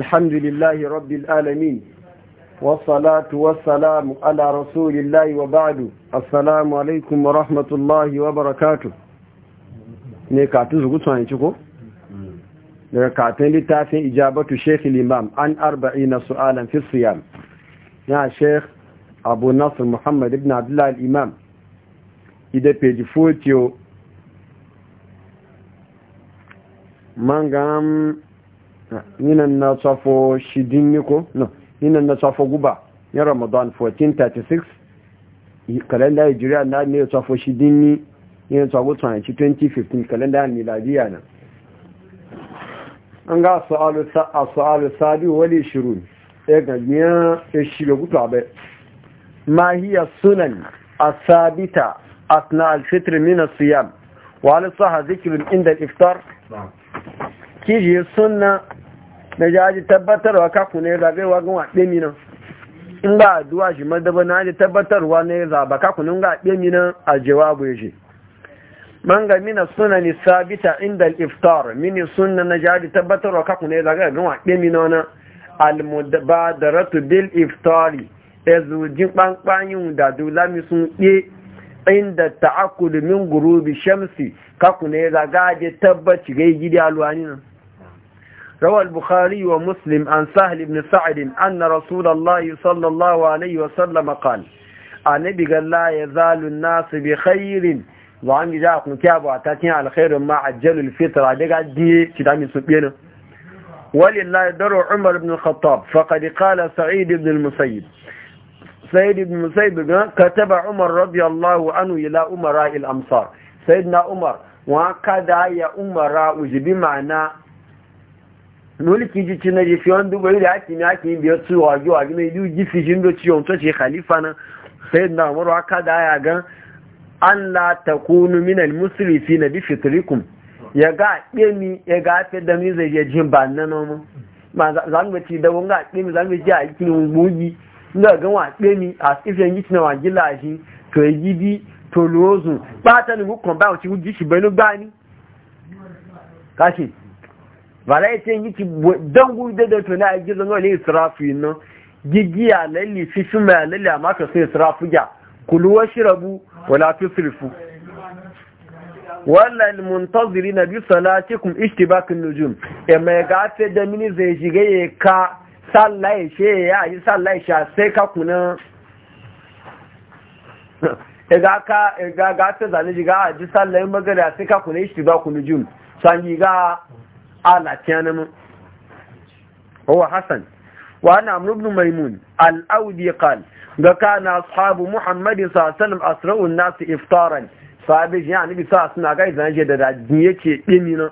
الحمد لله رب العالمين والصلاة والسلام على رسول الله وبعد السلام عليكم ورحمة الله وبركاته نكاتو زغوتو ان تشكو نكاتن لتافين إجابة شيخ الإمام عن أربعين سؤالا في الصيام يا شيخ أبو نصر محمد بن عبد الله الإمام إذا بيجي فوتيو من yinan na safo shidin niko no yinan na safo guba ya ramadan 1436 kalenda hijiriya na ne safo shidin ni yin ci 2015 kalenda miladiya na an ga su'alu sadi wali shirun ya niya ya shiga gutu abai ma hiya sunan asabita asna fitr min Siyam, wa al sahah dhikr inda al-iftar kiji sunna na jaji tabbatarwa kafu ne zabewa gan waɗe minan in a duwa shi madaba na ji tabbatarwa ne zaba kafu nun ga waɗe minan a jawabu ya shi man ga mina suna ni sabita inda iftar mini suna na jaji tabbatarwa kafu ne zaga gan waɗe minan na ratu bil iftari zuji kpankpanyin da dulami sun ɗe inda ta'akudu min gurubi shamsi kaku ne zaga je tabbaci gai gidi alwani nan روى البخاري ومسلم عن سهل بن سعد أن رسول الله صلى الله عليه وسلم قال النبي قال لا يزال الناس بخير وعن جاءكم كابو أتاتين على خير ما عجل الفطرة دقا دي كدامي سبينا ولله در عمر بن الخطاب فقد قال سعيد بن المسيب سعيد بن المسيب كتب عمر رضي الله عنه إلى أمراء الأمصار سيدنا عمر وكذا يا أمراء جبي معنا mulki ji na naje fi wanda bai da hakin ya hakin biyar su wage wage mai duk gifi jin da ciwon to ce khalifa na. sai na umaru aka da ya gan an la kunu min al musrifin bi fitrikum ya ga mi, ya ga fe da mi zai jin ba nan mu ma zan ba ci da wanga mi zan ba ji a cikin gogi ina ga wa mi a cikin gici na wage lashi to ya e yi bi to lozu ba ta ni mu kon ba ci gici bai no gani kashi wala ya ce yiki don gudu da tuni a gizon wani israfi nan gigiya lalli fifi mai lalli a maka sai israfi ga kuluwa shirabu wala fi tusrifu wannan muntaziri na biyu kun ishti bakin nujum ya e mai gafe da mini zai shiga ya ka sallaye shi ya yi sallaye shi a sai ka kuna e ga ka e ga gafe zane shiga a ji sallaye magana sai ka kuna ishti bakin nujum san yi ga ala tiyanam huwa hasan wa ana amr maimun al audi qal ga kana ashabu muhammad sallallahu alaihi wasallam asra'u an-nas iftaran sahabi ya nabi sa suna ga idan je da dajin yake dimi na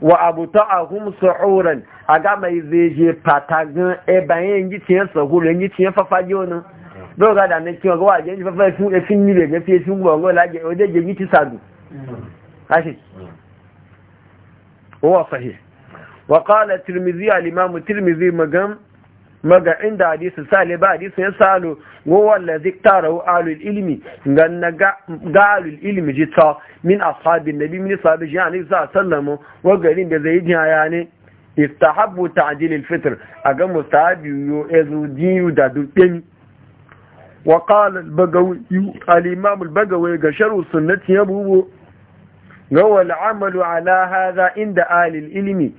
wa abuta'ahum su'uran aga mai zeje a e bayan yi tiyan sahur yi tiyan fafaje wannan do ga da ne kiwa ga waje ni fafaje fun e fin ni le ga fi shi gbo la je o de je yi ti sadu mm. huwa sahih wa qala tirmidhi al imam tirmidhi magam maga inda hadisi sale ba hadisi ya salo wa allazi tarahu alul ilmi ganna ga alul jita min ashabin nabi min sahabi ji ani sallamu wa garin da zai ji haya ne istahabbu ta'jil al fitr aga mustahabi yo ezu diyu da dukeni wa qala al bagawi al imam ga sharu sunnati yabubu ga wal ala haza inda alil ilimi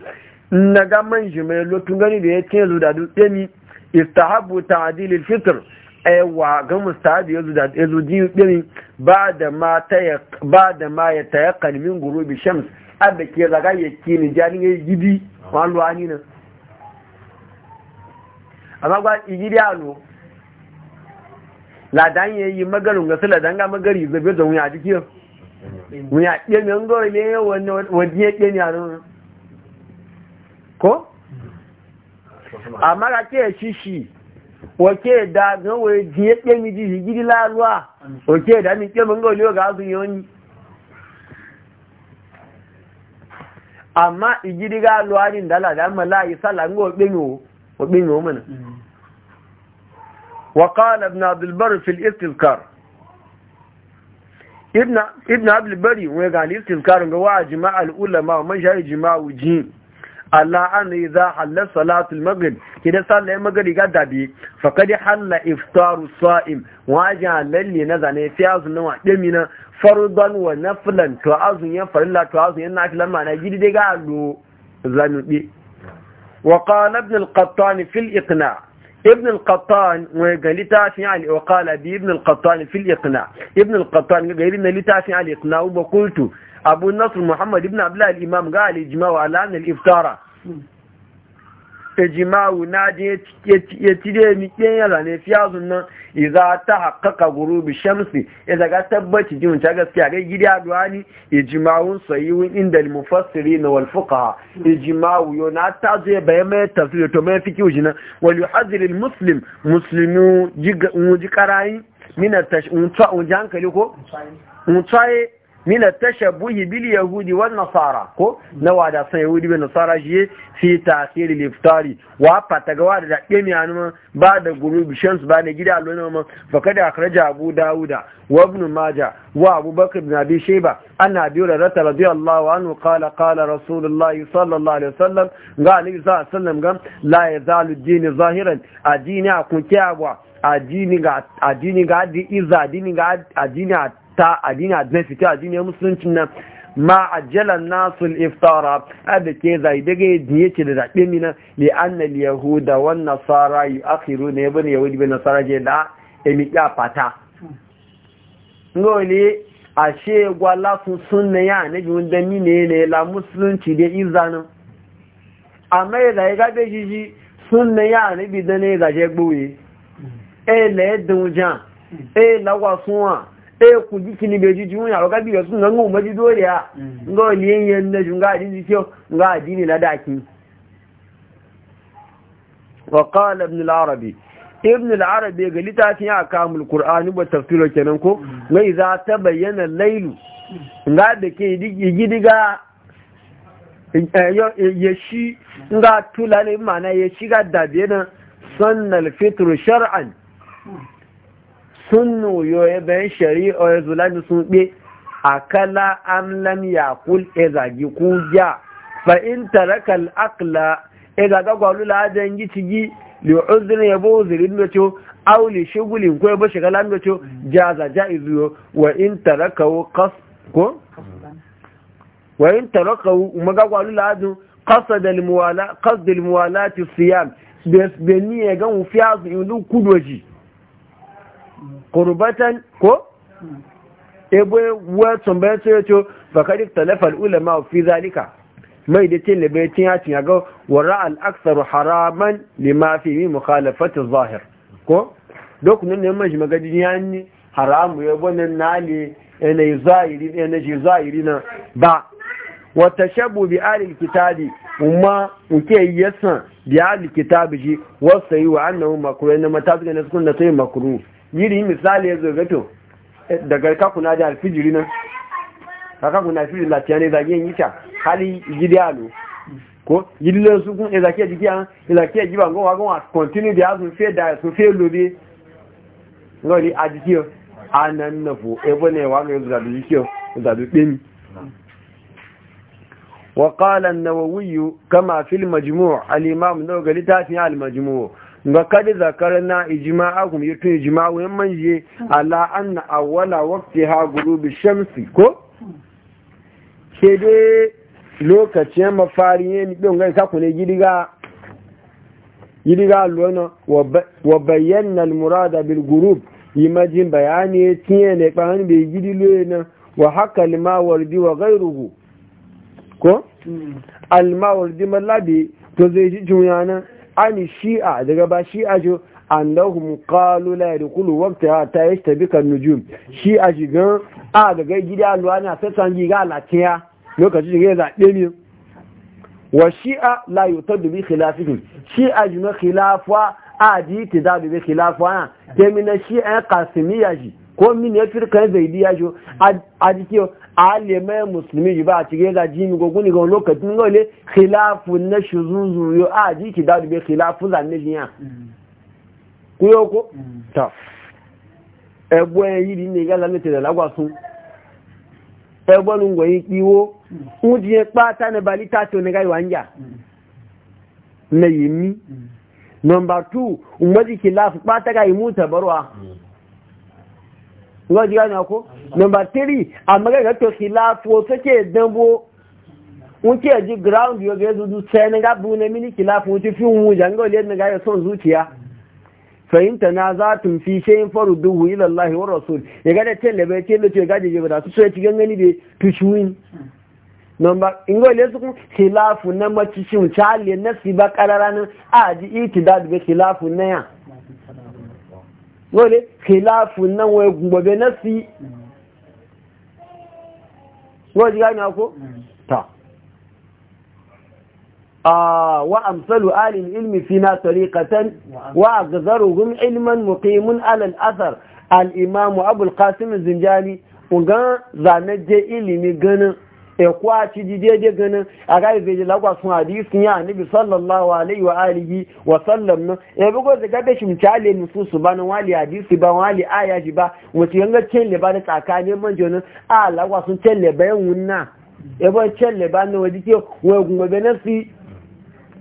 na ga man mai lotun gani da ya ce zu da dutse ni istahabu ta'dil a fitr aiwa e ga mustahabi ya da ya zu ji dini ba da ma ta ba da ma ya tayaqqan min ghurubi shams abda ke zaga ke ni jani ya gidi wallo ani nan amma gidi a lo ladan ya yi magarin gasu ladan ga magari zabe zaune a jikin mun ya ɗe mai ngawa ne wanda ya ɗe ne a ko? amma ka ke shishi ke da gawa ya ɗe mi ji gidi laruwa wake da mi ɗe mai ngawa ne ga azun yoni amma igidi ga luwa ni dala da amma la yi sala ngo ɗe mi wo ɗe mi wo mana وقال ابن عبد البر في الاستذكار ibn abdulbari wani gani tilkarin ga wa jima'al ulama wa man shayi jima'u jin Allah an yi za halar salatul maghrib idan sallar maghrib ga dabi faqad halla iftaru sa'im waje halalli na zane fi azun nan wade mi na fardan wa naflan to azun ya farilla to azun yana nafilan ma na gidi dai ga allo zanubi wa qala ibn al-qattan fil iqna' ابن القطان وقال لي وقالتافي يعني، علي وقال ابي ابن القطان في الإقناع ابن القطان قال لي لتافي علي يعني إقناع وقلت أبو النصر محمد ابن عبد الله الإمام قال إجماع على أن الإفتارة ijimawu na je ya cire mi yara ne fiya sunan iza ta haƙaƙa gurubi shamsi ya daga tabbaci jin ta gaskiya ga gidi aduani ijimawun sayiwin inda mufassiri na wal fuqaha ijimawu yo na ta zai bayan mai tafsir to mai fiki ujina wal yuhadhir al muslim muslimu ji karayin min at tashun ta hankali ko tsaye. mina tashabbuhi bil yahudi wan nasara ko na wada san yahudi bin nasara shi fi tasiri liftari wa fataga wada da kemi anuma ba da gurubi shams ba da gida lona ma fa kada akhraja abu dauda wa ibn majah wa abu bakr ibn abi shayba an abi hurairah radiyallahu anhu qala qala rasulullah sallallahu alaihi wasallam ga ali sallallahu alaihi wasallam ga la yazalu din zahiran adini akun kyawa adini ga adini ga iza adini ga adini ta addini addini fito addini ya musulunci nan ma ajjalan nasu iftara da ke zai daga yadda ce da zaɓe mina li anna yahuda wan nasara yu akhiru ne bin yahudi bin nasara je da emi ya fata ngoli ashe gwala sun sunna ya na bi wanda ni ne ne la musulunci da izanu amma ya zai ga be jiji sunna ya na bi da ne zaje gbowe hmm. e, e la yadda wujan e la wasuwa e ku ji kini be ji jun ya ga bi su nan mu maji dole ya mm. ngo ni yen na jun ga ji ji ga ji ni ladaki wa qala ibn al-arabi ibn al-arabi ga litafin ya kamul qur'ani ba tafsiro kenan ko mai mm. za ta bayyana lailu nga da ke gidiga eh, ya eh, shi nga tulale mana ya shiga da bena sannal fitru shar'an mm. sunnu yo ya e bayan shari'a ya e zula da sun ɓe akala am lam yakul e zagi ku ja fa in taraka al aqla e ga gwalu la dan gi li uzrin ya bo zirin da cho aw li shugulin ko ba shigala da cho jaza jaiz yo wa in taraka qas ko wa in taraka maga gwalu la dan qasad al muwala qasd al al siyam bes beni e ga mu fiazu ilu kudoji qurbatan ko ebo wa tumbe ce ce fakari talafal ulama fi zalika mai da ce labe tin ya tin ga wara al aktharu haraman lima fi mi mukhalafati zahir ko dok nan ne mai magadi yanni haramu ya bonan nali ene zahiri ene shi zahiri na ba wa tashabbu bi al kitabi umma uke yasan bi al kitabi ji wasa yi wa annahu makruh ne mata ga ne sun da sai makruh yiri misali ya zoga to eh, daga kakuna da alfijiri nan kakuna alfijiri latiya ne zage yin yita hali gidi alo ko yidile su kun ezaki eh, jiki an ezaki eh, ji ba ngo a go continue the azu fe da su fe lobe ngori ajiki anan nafo ebo ne wa ngo da jiki za du pemi وقال النووي كما في المجموع الإمام نوغل تاتي المجموع nga kadi zakar na ijima'a kuma yi tun ijima'a wayan manje ala anna na awala wakti ha gurubi shamsi ko? kede lokacin mafari ne ni ɗin gai sakune gidiga gidiga lona wa bayyana murada bil gurub yi majin bayani tiye ne ɓahan bai gidi lona wa haka limawardi wa gairuhu ko? Hmm. almawardi mallabi to zai ji juyanan ani shi'a daga ba shi'a jo annahum qalu la yadkhulu waqta ta yashtabika an-nujum shi'a jiga a ga gai gida alwana sai san giga latiya lokaci jiga za demi wa shi'a la yutadu bi khilafihim shi'a jina khilafa a di tidalu bi khilafa kemina shi'a qasimiyya ji ko min ya firka zaidi ya jo a jike alimai musulmi ji ba a cike da jimi ko kuni ga lokacin gole khilafu na shuzuzu yo a ji ki da be khilafu za ne jiya mm. ku yo ko mm. ta egbo yi ri ne ga la mete da lagwa sun egbo nu ngo yi kiwo mu mm. ji pa ta ne balita to ne ga wanja ne mi number 2 umma ji khilafu pa ta ga imu tabarwa nga ji gane ko number 3 amma ga to khilafo take dambo wuce ji ground yo ga zuzu sai na ga bune mini khilafo wuce fi mu janga le na ga son zuciya fa in tanazatun fi shay'in farduhu ila Allah wa rasul ya ga ce tele ce tele ce ga je ba su sai ci gangani be tushuin number ingo le su khilafu na macishin chale siba qararanin a ji itidad be khilafu na ya wani nan wai gobe nasi wani gani ko? Mm. ta ah, wa amsalu alil ilmi fina tariqatan wa agzaruhum ilman muqimun ala al-athar al-imam abul qasim zinjani kun zanaje ilimi ganin ekwa ci jide de ganin a zai ji lagwa hadisi ya annabi sallallahu alaihi wa alihi wa sallam no e eh, bugo daga da shi chale nusu su ba na wali hadisi ba wali aya ji ba wace yanga celle ba da tsakanin manjonin a lagwa sun celle bayan wunna e ba celle ba ne waje ke wa gungobe na si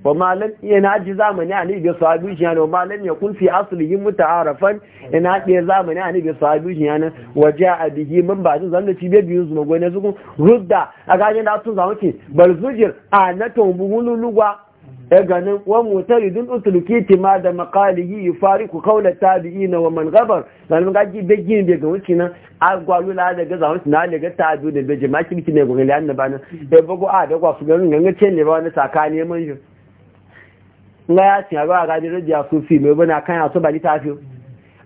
wa malam yana ji zamani a nabi sahabi shi yana wa malam ya kun fi aslihi muta'arafan yana ɗaya zamani a nabi sahabi shi yana Waje a bihi min ba zan da cibe biyu zuma gona su kun rudda a gajin da sun zama ce bal zujir a na tombu hululuwa ya e ganin wa mutaridun utuluki tima da maqalihi yufariku qawla tabi'ina wa man gabar dan ga ji begin be ga wuci nan agwalu la daga zamu na daga tabi'u da be jama'a kiti ne go ga lanna bana na e bago a da kwa su ganin ganga ce ne ba wani sakani man yi nga ya ci aro agaji rajiya su fi mai bana kan ya ba litafi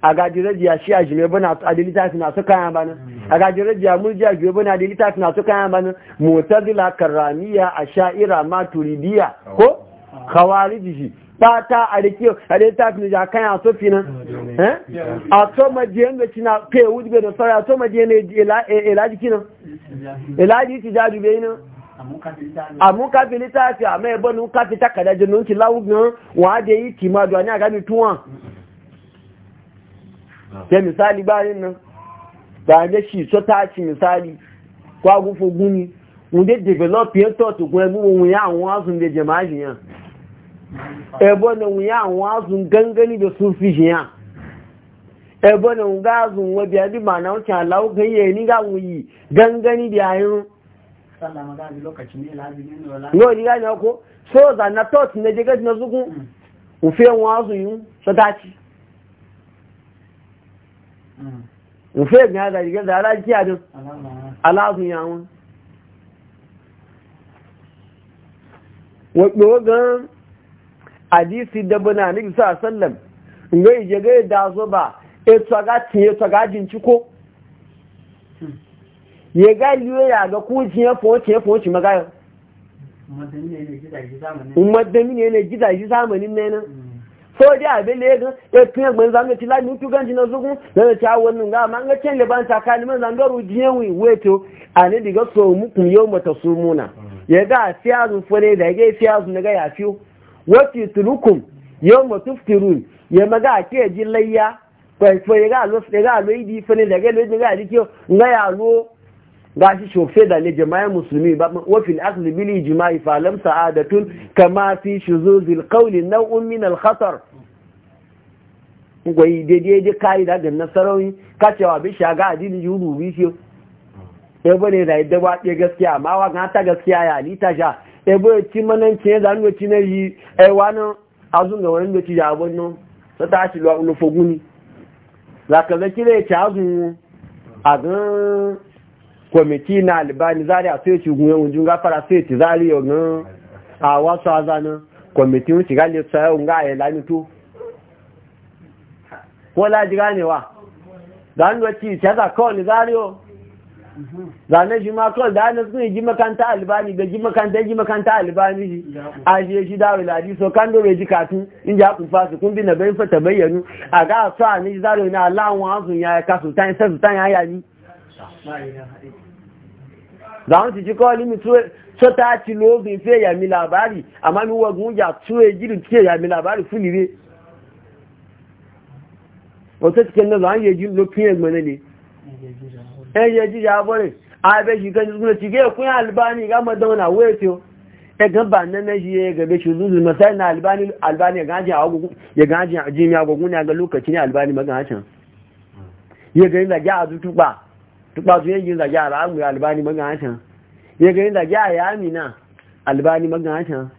agaji rajiya shi a shi mai bana a litafi na so kan bana agaji rajiya murjiya shi mai bana a litafi na so kan bana mutazila karramiya asha'ira maturidiya ko khawariji shi a rikiyo a ne jakan ya fi nan a da kai wujibe da sauri a so majiyan da ilaji ilaji nan àmú káfílì táàfì àmọ́ ẹbọ́nu káfí tákàdájọ́ ló ń ti wọ́n á dé ìtì máa dùn ní àgámi tún wọn misali gbá nínú gbàǹdé sì sọ táàtì misali kó agúfogún ni wọ́n dé dèvélọ́pì ẹ̀tọ́ tògùn ẹgbẹ́ wọn yá àwọn azùn lè jẹ̀má yìnyàn ẹbọ́nu wọn yá àwọn azùn gángan níbi fi yìnyàn ẹbọ́nu wọn gá azùn wọn bí ẹbí màná ń ṣe àláwọ́ gan yóò ní ko so za na tot tọ́ọ̀tì ní ẹjẹ́gẹ́ jìnà sókún òfin wọn aṣọ yìí sọ́tàkì òfin ẹ̀gbìn àgbàjìgẹ́ dára jí àdán aláàfin àwọn wọ́pẹ̀ ó gan e tsaga nígbìsọ́ àṣẹ́lẹ̀m ìgbẹ́ ìjẹ́gẹ́ ko ya ga liyo ya ga kuciye fociye foci magayo umadami ne ne gida zamanin ne nan so abin da ya ga ya fiye gban zanga ci lani na zugun zanga ci awon nun ga ma an ga can liban tsakani man zanga wi weto a ne diga so muku yau mata su muna ya ga fiyazun da ya ga na ga ya fiyo yau ji layya kwaifo ya ga alo idi da ga ya ga shi shofe da ne jama'in musulmi ba wafin asali bili jima'i falam sa'adatun kama fi shuzuzil qawli nau'un min al-khatar gwai daidai da kai da ganna sarauni kacewa bi ga adini yuru bi shi ya e ne da yadda ba gaskiya amma wa ga ta gaskiya ya lita sha e ya bane ci mananci ya zanuwa ci na yi ai e wani azun ga wani gaci ya abin nan ta tashi luwa ulufoguni za ka zaki da ya ci azun a gan kwamiti na alibani zari a sai shugun yawon jun gafara sai ti zari a wasu azanin kwamiti ga ko laji ganewa ta za kawai zari yau shi ma kawai da makanta da ji makanta ji makanta shi a shi shi so kan ji katun in ji fasu kun bi na bayan fata bayyanu a ga sa na allahun hansun ya kasu ta yi ta yi za su ci kawai limi so ta fiye ya mi labari amma mi wagun ya tuwe girin fiye ya mi labari fuli ne wata cikin na zan yi lokin ya gbana ne ɗan ya ji ya bari a bai shi kan suna ci gaya kun albani ga madauna waya ce ya gan nan shi ya gabe shi zuzu na albani albani ya gaji ya gaji a jimiya gwagwuna ga lokaci albani ba duk ba su yin zage a ra'amu ya albani magana ya gani zage a yami na albani magana can.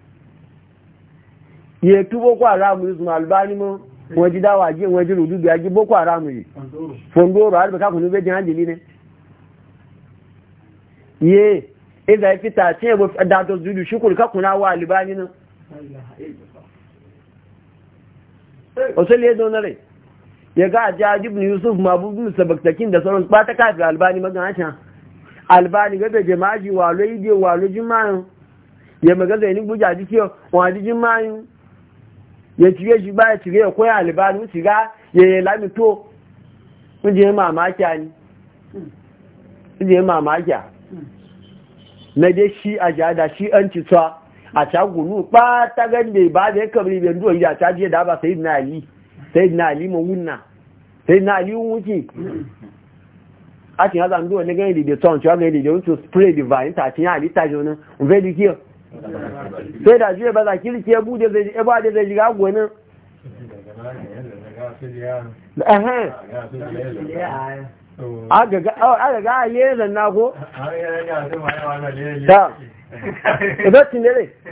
ya tu boko haramu yi suna albani mu waje dawa ji waje rudu biya ji boko haramu yi fondoro har baka kunu bejin hanjili ne ye iza e ya fita ce ya bafi dato zudu shukur ka kuna wa albani nan wasu le zonare ya ga jaji ibn yusuf mabu ibn sabaktakin da sauran ba ta kafi albani magana can albani ga da jama'i walo ide walo jima'in ya magana ni buja jike wani jima'in ya cire shi ba ya cire ya koya albani shiga ya ya yi lamito kun je mamakiya ne kun je mamakiya na dai shi a jada shi an ci a gunu ba ta gande ba da ya kamar ibe nduwa ya caji da ba sai na yi sai na aliman wunna sai na aliman wuce a cikin hazan duwa wani gani da tsohon cewa gani da wuce spray divine ta cikin halitta ji wani ufe da kiyo sai da zuwa ba za kirki ya e bude zai ya e ba da zai shiga gwanin a ga gaga a lera na ko? a ga ta idan cin ko?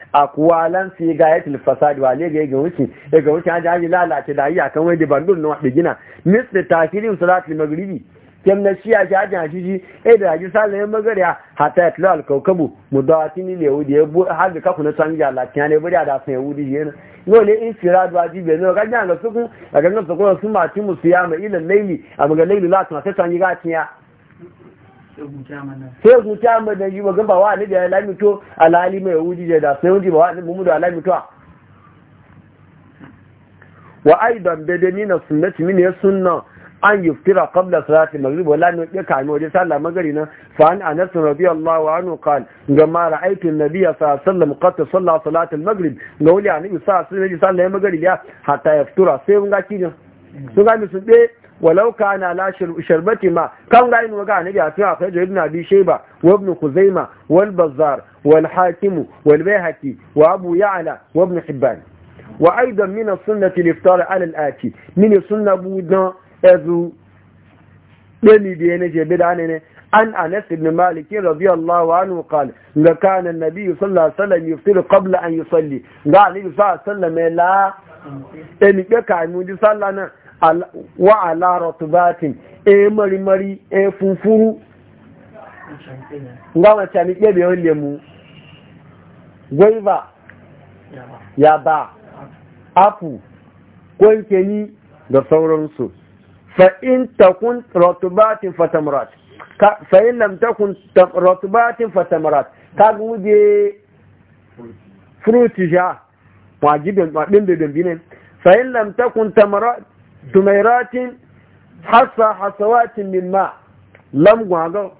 akwalan fi ya tilfasa wa wale ga wuce daga wuce an jami lalace da iya kan wani bandun na wadda gina tafirin takirin salatul magribi kem na ya ji ajin a shiji e da ji salayen magariya hatta yatlu al kawkabu mudawatin ne yahudi ya bu har da na sanja lafiya ne bari da san yahudi yana yi ne in fira da ji bai ga suku sukun ga ga sukun sun ma ya ma ila laili a ga laili lati ta san ga tiya sai ku ta mana yi magan ba wa da ya lamito alali mai wuji da sai wuji ba wa annabi mu da lamito wa aidan badani na sunnati min ya sunna an yuftira qabla salati maghrib wala ne ya kame waje sallah magari nan fa an anas wa anhu qal gama ma ra'aytu an-nabiy sallallahu alaihi wasallam qad salla salati al-maghrib ga wali annabi sallallahu alaihi wasallam sallah magari ya hatta yaftura sai mun ga kidan sun ga sun walau na la sharbati ma kan ga inu ga annabi afi akwai da ibn abi shayba wa Abin kuzaima wal bazzar wal hakim wal bayhaqi wa abu ya'la wa ibn hibban wa aida, min suna sunnati al-iftar ala al-ati min sunna budan azu dani da yana an anas ibn maliki radiyallahu anhu qala la an-nabi sallallahu alaihi wasallam yuftir an wa ala rotubatin e marimari e funfuru nga wọn cani kebe mu lemu ya ba. apu ni da sauransu fa'in takun rotubatin fatamarat fa'in lam takun rotubatin fatamarat ka guje fruit ja wajibin ɗin bebin binin fa'in lam takun tamarat dumairatin hasa hasawatin min ma lam gwagon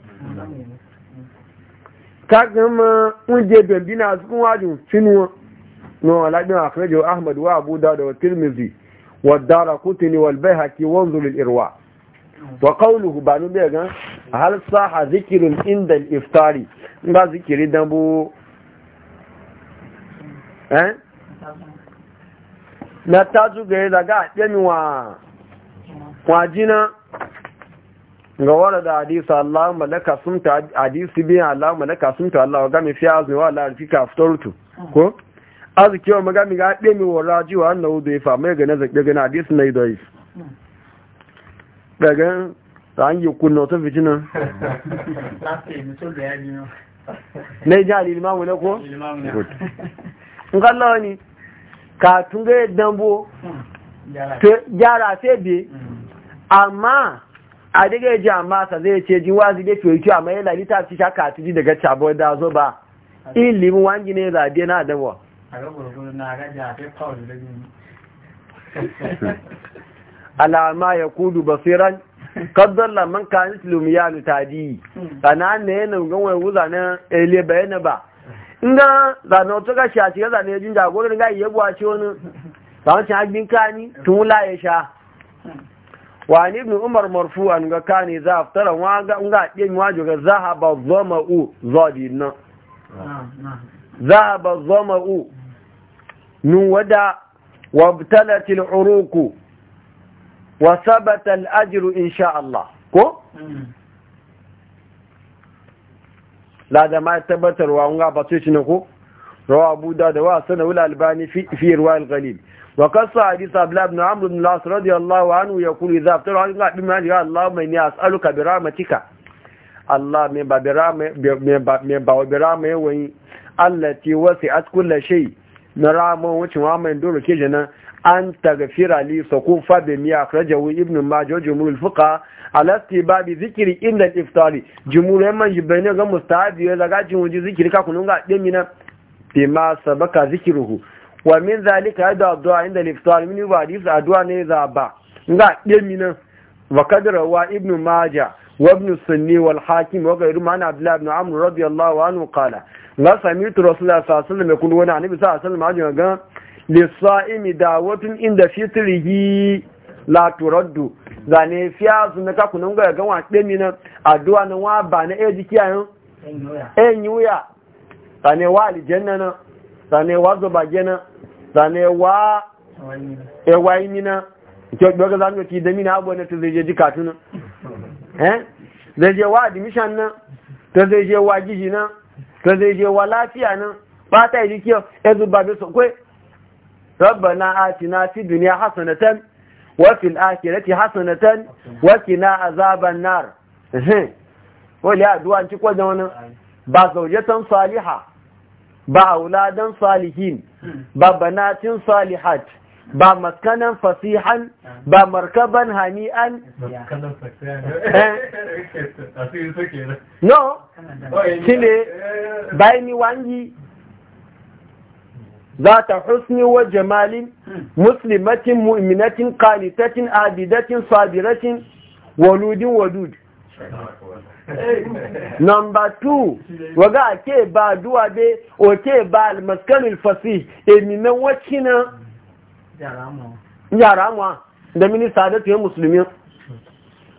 ta gama ƙunje bambina a cikin wajin finuwa na walaɗin akwai ahmad wa abu da a tirmizi wa dara kutini wal bai haƙi wanzu irwa wa ƙaunuhu ba nube A hal saha zikirin inda iftari ba zikiri dan na tazu ga daga a ɗami wa wajina ga wara da hadisa Allah malaka sun ta hadisi biyan Allah malaka sun ta Allah ga mi fi azumi wa Allah rifika fitorutu ko arziki wa magami ga ɗami wa raji wa annahu da ifa mai ga nazar ga na hadisi na idai daga ran yi kunna to fitina na ji al-imam ne ko in kallawa ni katun ga dambo gyara sai bi amma a daga ji amma sa zai ce ji wazi da fiye kiwa amma yana lita ci sha katun ji daga cabo da zo ba ilimin wangi ne zabe na adawa alama ya kudu basiran kaddalla man kanis lumiyanu tadi hmm. sana'an ne yana ganwai wuza na ele bayana ba nga zane otu ka shaci ya zane jin jagorin ga iya ce wani cin agbin kani tun wula ya sha wani ibn umar marfu an ga kani za a fitar wa ga nga ɗin wajo ga zoma u zobi na zoma u nun wada wabtalatil uruku wa sabata ajiru insha Allah ko mm. la da ma tabbatarwa un ga ba su shi ko rawa abu da da wa sana wula albani fi ruwa al-ghalib wa kasa hadith abla ibn amr ibn las radiyallahu anhu yaqulu idha aftara an ga bi mali ya allah mai ni as'aluka bi rahmatika allah me ba bi rahme me ba me ba bi rahme wani allati wasi'at kulli shay na ramon wucin wa mai dole ke jana an tagfira li sakun fa bi miya akhrajahu ibn majah jumhur fuqa ala istibab zikri inda al-iftari jumhur man jibaina ga mustahabi ya zaga jin wuji ka kunun ga demina bi ma sabaka zikruhu wa min zalika hada addu'a inda al-iftar min ba addu'a ne za ba ga wa kadra wa ibn majah وابن السني والحاكم عبد الله بن رضي الله عنه قال رسول الله صلى الله عليه وسلم يقول وانا عن الله عليه وسلم lissa'imi dawatun inda fitrihi la turaddu zane fiya sun na kakunan ga ga wace mi nan addu'a nan wa ba na eji kiyayen en yuya zane wa na nan zane wa zubage nan zane wa ewayi na nan ke gbe ga da na abu na ta zai je katu nan eh zai je wa admission nan ta zai je wa giji nan ta zai je wa lafiya nan ba yi kiyo ezu ba so ربنا آتنا في الدنيا حسنة وفي الآخرة حسنة وقنا عذاب النار ولي أدوان تقوى جوانا ba zaujatan saliha ba auladan salihin ba banatin salihat ba maskanan fasihan ba markaban hani'an no shi ne wangi za ta husni jamalin muslimatin mu'minatin kalitacin, abidatin sabiratin waludin wadud number two waga ake ba duwa be oke ba almaskanin fasi eminan wakina yaramuwa da minista da tuye musulmi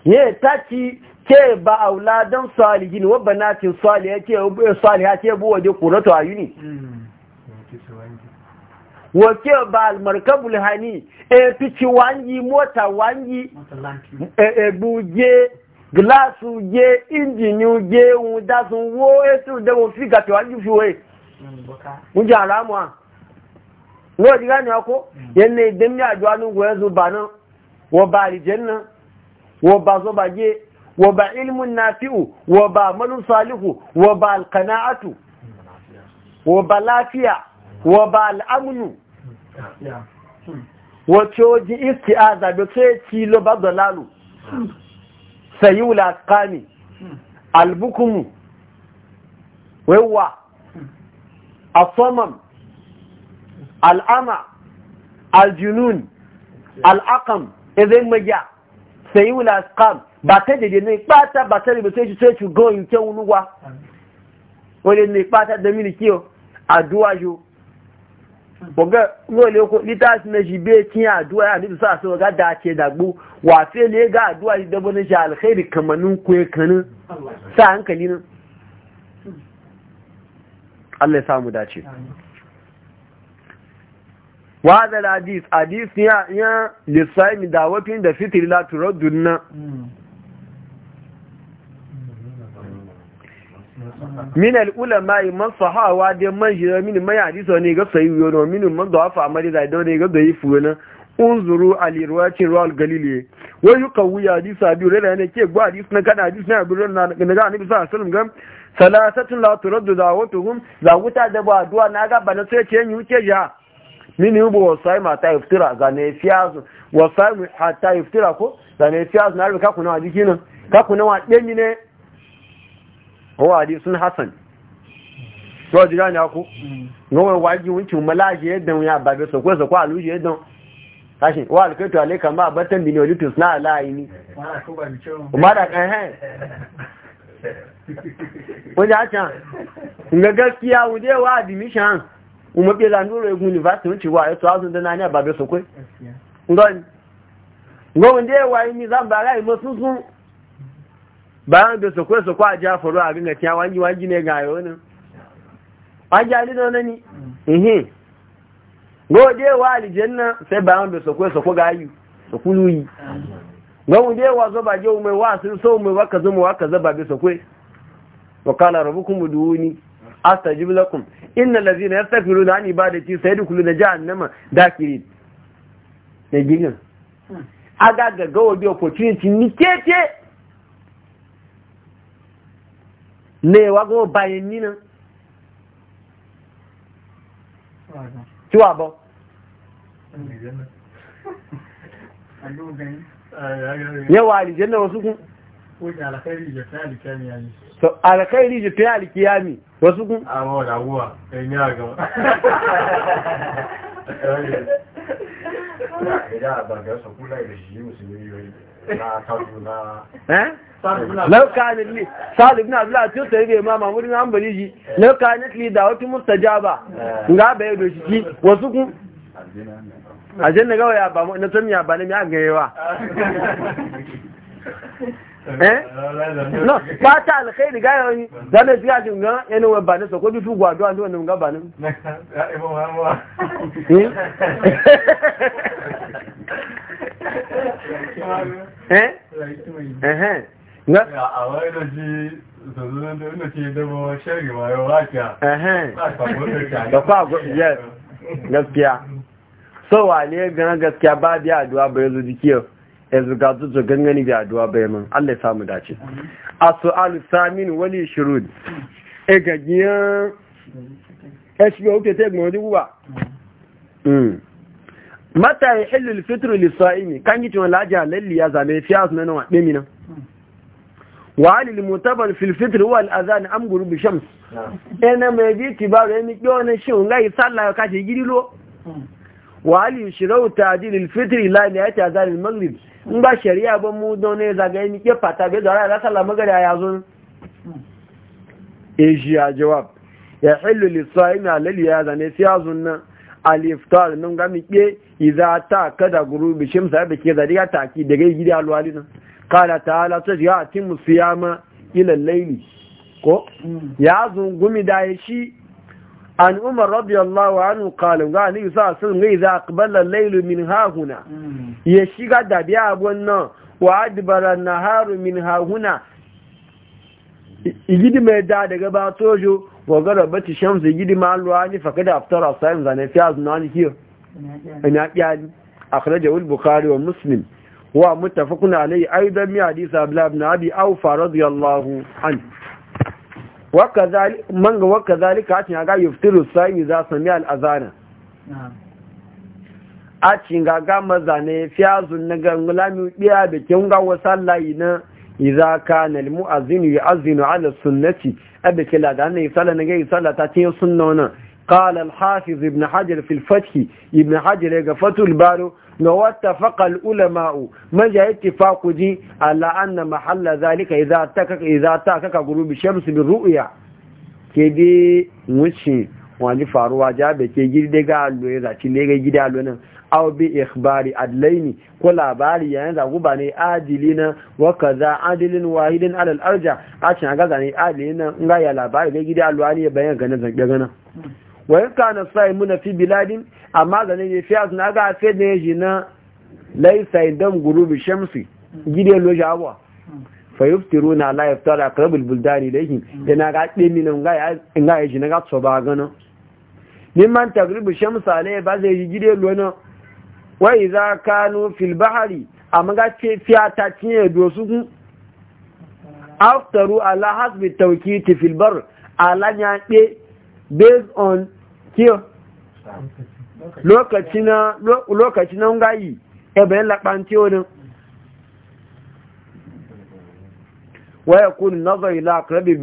ye taki ke ba auladan salihin wabba nafin salihati ya ke buwa da kuratu a yuni wake ba almarkabul hani e fici wangi mota wangi e, e buje glasu je injini je wuda sun wo esu da wo fi gato wangi fi we mun ji alamu a wo di gani ako mm. yanne idan ni ajo anu go yanzu ba nan wo ba aljanna wo ba zo ba je wo ba ilmun nafi'u wo ba malun salihu wo ba alqana'atu mm. wo ba lafiya mm. wo ba al'amnu wato wajen iski a zaɓe sai lo ba da lalu sayi wulaƙani albukumu wewa asomam al'ama aljunun al'akam ezin magiya sayi wulaƙam ba ta dede ne Kpata, ba ta ribe sai shi sai goyin kyan wunuwa wani ne Kpata, da mini kiyo a duwajo waga wale ko litasi na shi be kin addu'a ya nabi sa so ga dace dagbo wa fe ne ga addu'a da bane shi alkhairi kamannin ku kanin sa hankali nan Allah ya samu dace wa da hadis hadis ya ya lisai mi da wafin da fitri la turaddu na hmm. minal al'ulama man sahawa da man shi min man hadisa ne ga sayi yono min man da wafa amari da da ne ga da yi fuwa unzuru alirwacin ruwal galile wai yi ya hadisa biyu rana ne ke gwa hadisa na kada hadisa na biyu na ga anabi sa asalin gan salasatun la turaddu da za wuta da ba duwa na ga bana sai ce yi wuce ja min yi bu wasai mata iftira ga ne fiyazu wasai hatta iftira ko da ne fiyazu na kuna nan ka kuna wa ne wa hadisun hasan yau jira ne ku gowon mm. waji wuncin malaji yadda ya babe sako sako a lushi yadda kashin wa alkaitu alaika ma batan bin olitus na alayi ni ma da kan hain wajen hacan ga gaskiya wuje wa admission umar bai zanuro egun university wuce wa ya tuwa sun dana ne a babe sako gowon da yawa yi mi zan ba ra'ayi masu sun bayan da su kwesa kwa ja faru a ganga ta wangi wangi ne ga yau nan an ja nan gode wa sai bayan da su kwesa kwa gayu su kulu yi gamu de wa zo ba wa sun so mai waka zuma waka zaba bi su kwe wa kala rabbukum duuni astajib lakum innal ladhina yastakbiruna an ibadati ne gina hmm. ga bi opportunity ne wago bayan nina kiwa ba yawa alijanna wasu kun alkhairi je fiye alikiyami wasu kun awon raguwa ɗan ya gama ɗan ya ba ga sakula da shi musulmi yoyi laukanin li sa'adu bin abdullahi tun sai bai na da wata mustajaba eh. ga bai da shi wasu kun a na gawa ya ba na san ya ba na mi an gayewa eh no fata alkhairi ga ne tiya jin ga yana wa ba ne ko bi tu gwado an wannan ga ba ne ya eh? eh eh na a wani da ji zazzan da inda ke gaskiya so wane gana gaskiya ba biya aduwa bai zo jikiyar yanzu ga zuzu gangani biya aduwa bai man allai samu dace a su'alu samin wani shirud e gagiyar hbo ke tegbon wajen guba mata ya hillu fitru ne kan yi cewa laji lalli ya zame fiya su nana wa ɗemi nan wa halil mutabar fil fitru wal azan am gurubi shams ina mai bi kibaru ya mi wani na shi ngai sallah ya kace girilo wa halil shirau ta'dil al fitri la ne ya ta azan al maghrib in ba shari'a ba mu don ne zaga mi kiyo fata be zara da sallah magari ya zo a jawab ya hillu lisa'imi lalli ya zame fiya zunna al iftar nun ga mi idza ta kada gurubi shimsa ya ke zari ya taki daga gidi alwali nan kala ta'ala ta ya atimu siyama ila layli ko ya zungumi da shi an umar radiyallahu anhu qala ga ni sa sun ga idza aqbala al-laylu min hahuna ya shiga da biya abun nan wa adbara an-naharu min hahuna igidi mai da daga ba tojo wa garabati shamsu igidi ma alwani fakada kada aftara sayan zane fi azunani kiyo ina kyali akhrajahu al-bukhari wa muslim wa muttafaqun alayhi aidan min hadith abdullah ibn abi awfa radiyallahu anhu Manga kadhalik man wa kadhalika atin ga yuftiru sai za sami al-azana a cinga ga mazane fiyazun na gangulami biya da kin ga wasallayi na iza kana al-mu'azzinu ya'zinu ala sunnati abake la da ne sallana ga sallata cin sunna wannan قال الحافظ ابن حجر في الفتح ابن حجر فتو البارو نواتفق الألماء من جاء اتفاق دي على أن محل ذلك إذا تاكك إذا تاكك قلوب الشمس بالرؤية كدي وشي wani faruwa jabe ke girde ga allo ya zaci ne ga gida allo nan bi ikhbari adlaini ko labari ya yanzu guba ne adili na wa kaza adilin wahidin alal arja a cin ga adili na labari ga gida bayan ga zan wani kanan sai muna fi biladin amma da ne fi asu na ga sai da yaji na laisa idan gurubi shamsi gidan loja abuwa fa yuftiru na la yuftara qarabul buldani da na ga dini nan ga ga yaji na ga tso ba gano mimman tagribu shamsa ne ba zai yi gidan lona wa za kanu fil bahri amma ga ce fiya ta cinye dosu aftaru ala hasbi tawkiti fil bar alanya ɗe based on kiyo lokaci na lokaci na ngayi ebe lapanti odin waya kuni nazari la karabi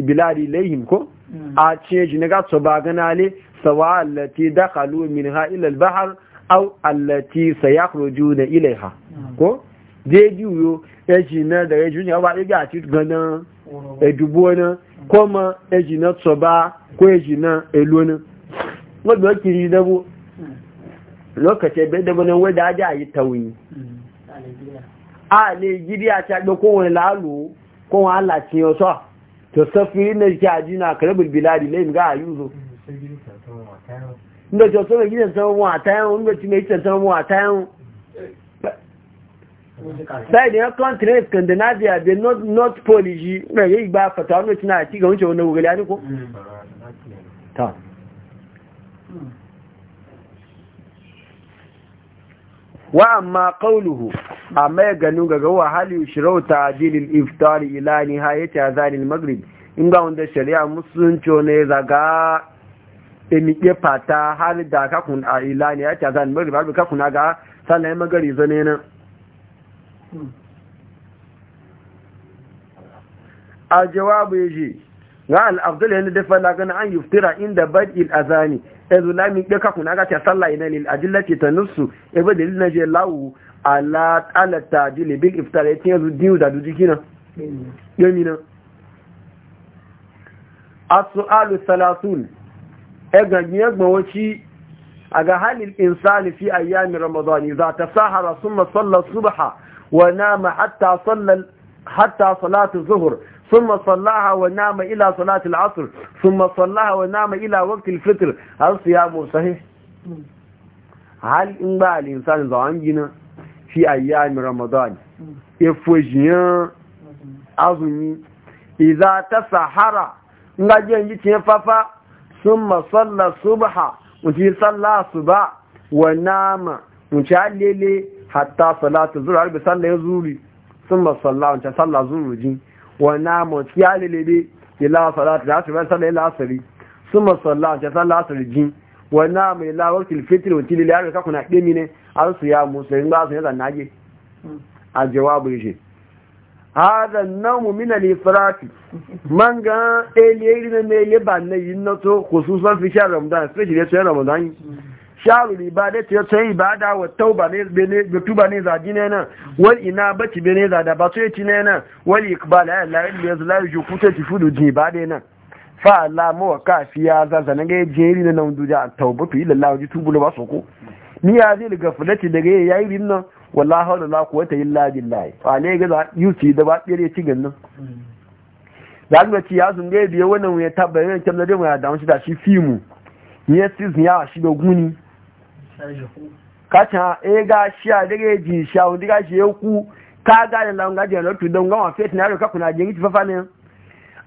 biladi ilayhim ko hmm. a ce shi na gaso ba gana ne sawa allati dakhalu minha ila al-bahr aw allati sayakhrujuna ilayha hmm. ko je juyo ya shi na da ya juyo ba ya ga ci gana e na koma eji na tsoba ko eji na elonin wadda wake yi dabo lokaci bai dabo nan wadda aji a yi tauni a ne gidi a caɗe kowane lalo kowane halacin yosa to safi na jiki a jina karibin a yi zo inda ke sai da ya continent scandinavia da north pole ji ɗaya igba fata wani tana ci ga wuce wani wugale ya ko? ta wa amma qawluhu amma ya ganu gaga wa hali yushrau ta'dil al-iftar ila nihayati azan al-maghrib in ga wanda shari'a musulunci ne zaga ke fata har da kakun a ila nihayati azan al-maghrib har ka kuna ga sanan magari zane nan a jawabu ya ce ga al'abdul yana dafa lagana an yuftira inda bad'il azani ezu lami ɗe kaku na gata sallah ina lil ajilla ce ta nusu ebe dalil na je lawu ala ala tajili bil iftar ya tinye diyu da duji kina yami na as-su'alu salasun e gangi ya shi, a ga halin insani fi ayyami Ramadani za ta sahara summa sallar subha ونام حتى صلى حتى صلاة الظهر ثم صلاها ونام إلى صلاة العصر ثم صلاها ونام إلى وقت الفطر هل صيامه صحيح هل إنباع الإنسان زوانجنا في أيام رمضان إفوجيان أظني إذا تسحر نجين جتين ففا ثم صلى الصبح وتي صلى الصبح ونام وتعليلي hatta salatu zuhur har bi sallah ya zuri sun ma sallah wancan sallah wa namu ya lilebe ila salatu da asirin sallah ila asiri sun ma sallah wancan sallah wa namu ila wakil fitir wakil kuna ya ba su yi zannage a jawabin shi hada namu min al-ifrati man ga eliyeri na mele ba na khususan fi sha ramadan especially ramadan sharu ibada ta sai ibada wa tauba ne da tuba ne zaji ne nan wal ina bati bene ne zada ba sai yaci ne nan wal ikbal ya la ilaha illa allah yukuta ti fudu ji de nan fa la mu wa kafiya za zan ga jeri ne nan duja tauba fi allah ji tubu ba ko ni ya zai daga fulati daga yayi rin nan wallahi wala la quwwata illa billah fa ne ga yusi da ba tsere ci gannan da ga ci ya sun biye wannan ya tabbayin kamar da mu ya damu shi da shi fimu ya sis ya shi da guni kacha ega shia daga ji shia wanda ga shi yoku ka ga da lan ga da lotu don ga wafe na ro ka kuna jengi tifafa ne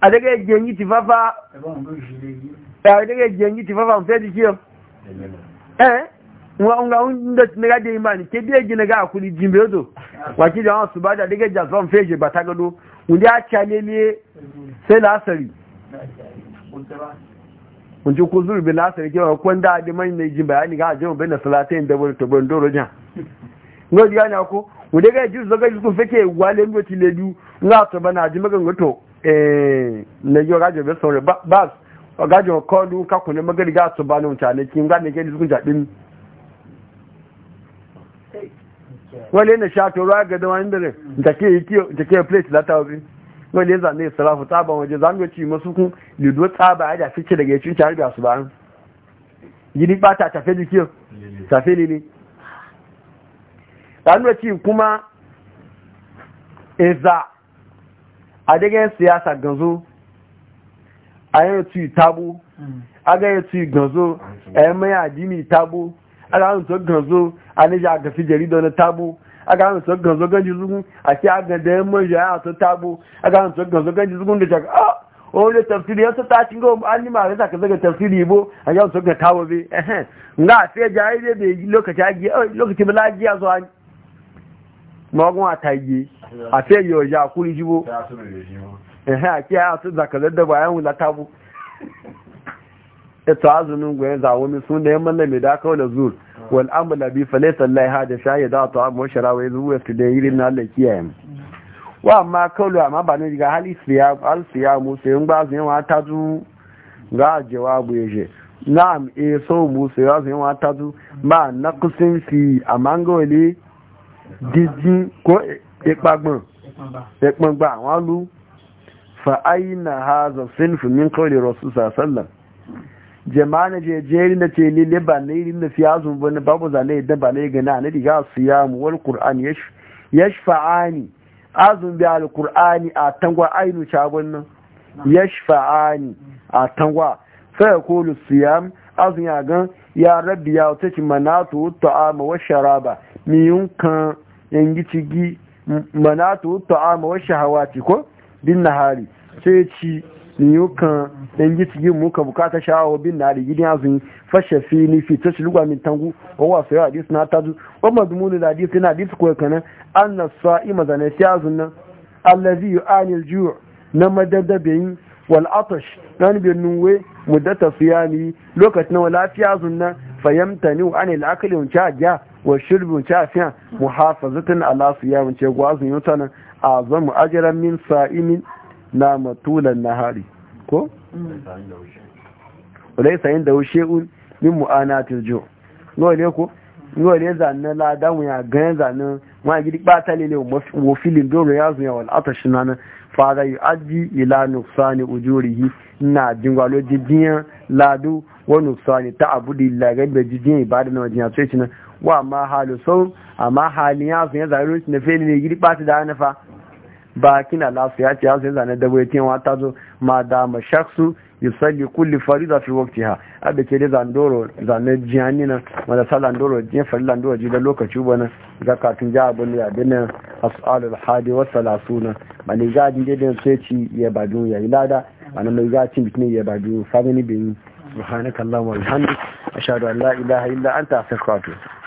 a daga jengi tifafa e e a daga jengi tifafa mu fedi kiyo eh e, wa nga ne nga de imani ke de ne ga akuli jimbe do wa ki da su ba da daga jazon feje gado, wanda a chalele sai lasari kunci ku zuru bi lasar kewa kwan da adi mai mai jin bayani ga ajiyar bai na salatin da wani tabon doro jan ngo diga na ko mu daga ji zo ga ku fake wale mbo ti ledu na to bana ji magan goto eh na yo ga bai saurin bas ga jo ko du magari ga to bani wuta na kin ga ne ke dukun wale na sha to ra ga da wani dare ke yi take plate la ta obi wanda ya zane sarafu tsaba waje za mu ci masu kun lido tsaba ya jafi ce daga yacin tare da su ba gini bata tafe jikin tafe ne ne ɗan ci kuma eza a daga siyasa ganzo a yin tu tabo a ga yin tu ganzo a yin mai adini tabo a ga yin tu ganzo a nija ga fi jaridar na tabo aka hannu su ganzo ganji zugun a ce a ganda yan manja ya su tabo aka hannu su ganzo ganji zugun da shaka ah wani tafsiri yansu ta cin gawa an yi mara ka zaga tafsiri bo a yau su ga tawo be nga sai jayi dai bai lokaci aji lokaci bala aji ya zo an magun a tagi a sai yau ja kuri jibo ehe a kiyaye a su zaka zadda bayan wula tabo ita azumin gwaye zawo mi sun da yamman lami da kawo da zur wal amala bi fa laysa lillahi hada shayi da ta abu shara wa yanzu wasu da yirin na Allah kiyaye mu wa amma kaulu amma ba ne ga hali siya al siya mu sai in ba su yawa ta zu ga jawabu yaje na'am e so mu sai ya su yawa ta zu ma naqsin fi amanga wale didi ko ipagbon ipagbon gba àwọn lu fa aina hadha sinfu min qawli rasul sallallahu alaihi wasallam jama'a je jeri na ce lile ba na irin na siya zun ne babu zane yadda ba na gana na diga siya mu wal qur'an yashfa'ani azun bi al qur'ani a tangwa ainu shagon nan yashfa'ani a tangwa sai ya kolu siyam azun ya gan ya rabbi ya wata ci manatu ta'ama wa sharaba mi yun kan yangi cigi manatu ta'ama wa shahawati ko na nahari sai ci yukan dan gitigi muka ka bukata shawo bin na da gidin azun fashe fili fi ta lugwa min tangu wa wa sai hadis na tazu wa madmunu da hadis na hadis ko kana anna sa'ima da ne azun nan allazi yu'ani al-ju' na madadabain wal atash nan bin nuwe muddata siyami lokacin wa lafiya azun nan fayamtani wa anil akli wa ja wa shirbi wa chafiya muhafazatan ala siyam ce gwazun yutana azamu ajran min sa'imin na matulan nahari ko? ulai sayin da wushe'un min mu'anatil jo ne ko? ne zanen ladan ya ganin zanen ma gidi bata ne ne wa filin doro ya zuya wal atashi na fara yi aji ila nuksani ujurihi na jingwalo jijiyan ladu wa nuksani ta abu da ilagai da jijiyan ibada na wajen yaso ya ci nan wa ma halu sau amma halin ya zuya zanen na feli ne gidi bata da hannafa ba kina lasu ya ce ya sai zane da bai wa ta zo ma da ma shaksu yusalli kulli farida fi waqtiha abe ke da zandoro zane jiyani na wanda salan doro jin farilan doro ji da lokaci bana zakatun katun ja abun ya dinna as'alul hadi wa salasuna mali ga din da sai ci ya badu ya ilada ana mai ga cin bitin ya badu gani bin subhanakallahumma wa bihamdika ashhadu an la ilaha illa anta astaghfiruka